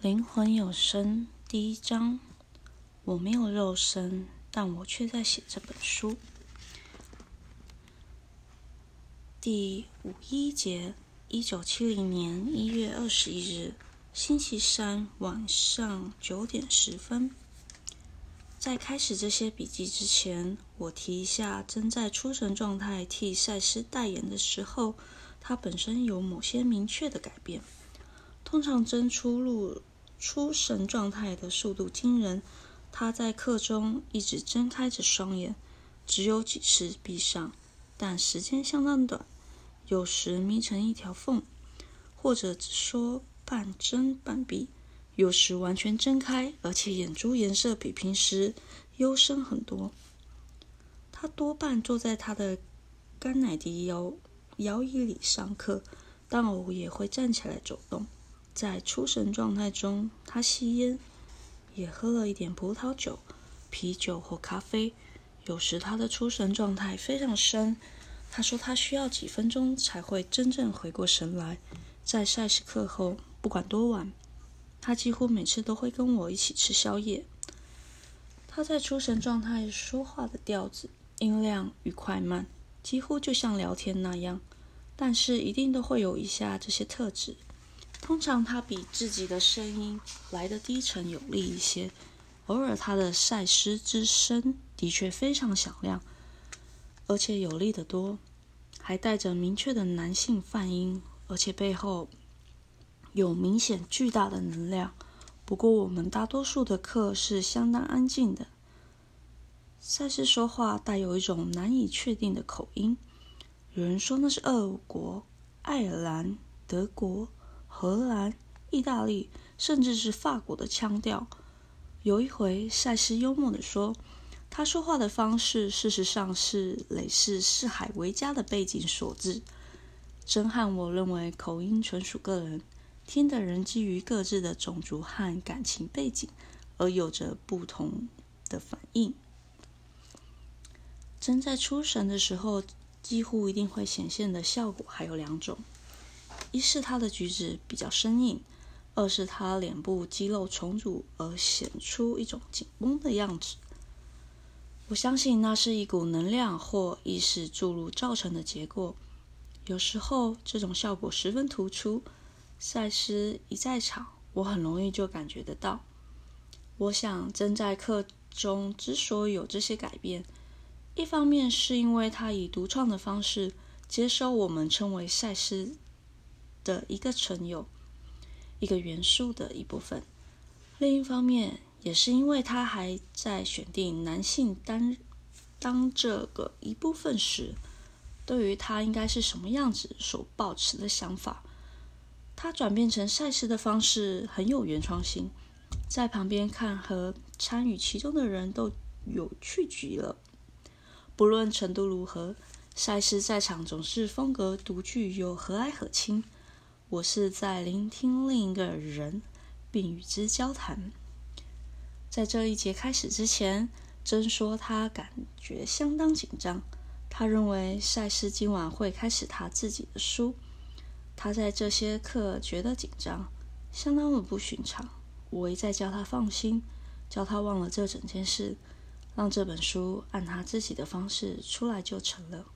靈魂永生第一章：我沒有肉身，但我卻在寫這本書。第五一節：一九七零年一月二十一日，星期三晚上九點十分。在開始這些筆記之前，我提一下：正在出神狀態替賽斯代言的時候，他本身有某些明確的改變。通常，珍出入出神狀態的速度驚人。他在課中一直睜開着雙眼，只有幾次閉上，但時間相當短。有時眯成一條縫，或者只說半睜半閉；有時完全睜開，而且眼珠顏色比平時幽深很多。他多半坐在他的甘乃迪搖搖椅裡上課，但偶也會站起來走動。在出神狀態中，他吸煙，也喝了一點葡萄酒、啤酒或咖啡。有時他的出神狀態非常深，他說他需要幾分鐘才會真正回過神來。在賽斯課後，不管多晚，他幾乎每次都會跟我一起吃宵夜。他在出神狀態說話的調子、音量與快慢，幾乎就像聊天那樣，但是一定都會有以下這些特質。通常他比自己的聲音來得低沉有力一些，偶爾他的賽斯之聲的確非常響亮，而且有力得多，還帶着明確的男性泛音，而且背後有明顯巨大的能量。不過我們大多數的課是相當安靜的。賽斯說話帶有一種難以確定的口音，有人說那是俄國、愛爾蘭、德國。荷蘭、意大利，甚至是法國的腔調。有一回，賽斯幽默地說：“他說話的方式，事實上是類似四海為家的背景所致。”珍和我認為口音純屬個人，聽的人基於各自的種族和感情背景，而有着不同的反應。珍在出神的時候，幾乎一定會顯現的效果，還有兩種。一是他的舉止比較生硬，二是他臉部肌肉重組而顯出一種緊繃的樣子。我相信那是一股能量或意識注入造成的結果。有時候這種效果十分突出，賽斯一在場，我很容易就感覺得到。我想，珍在課中之所以有這些改變，一方面是因為他以獨創的方式接收我們稱為賽斯的一個成友，一個元素的一部分。另一方面，也是因為他還在選定男性擔當這個一部分時，對於他應該是什麼樣子所抱持的想法，他轉變成賽斯的方式很有原創性，在旁邊看和參與其中的人都有趣極了。不論程度如何，賽斯在場總是風格獨具，又和藹可親。我是在聆聽另一個人，並與之交談。在這一節開始之前，珍說她感覺相當緊張。她認為賽斯今晚會開始他自己的書。她在這些課覺得緊張，相當的不尋常。我一再叫她放心，叫她忘了這整件事，讓這本書按他自己的方式出來就成了。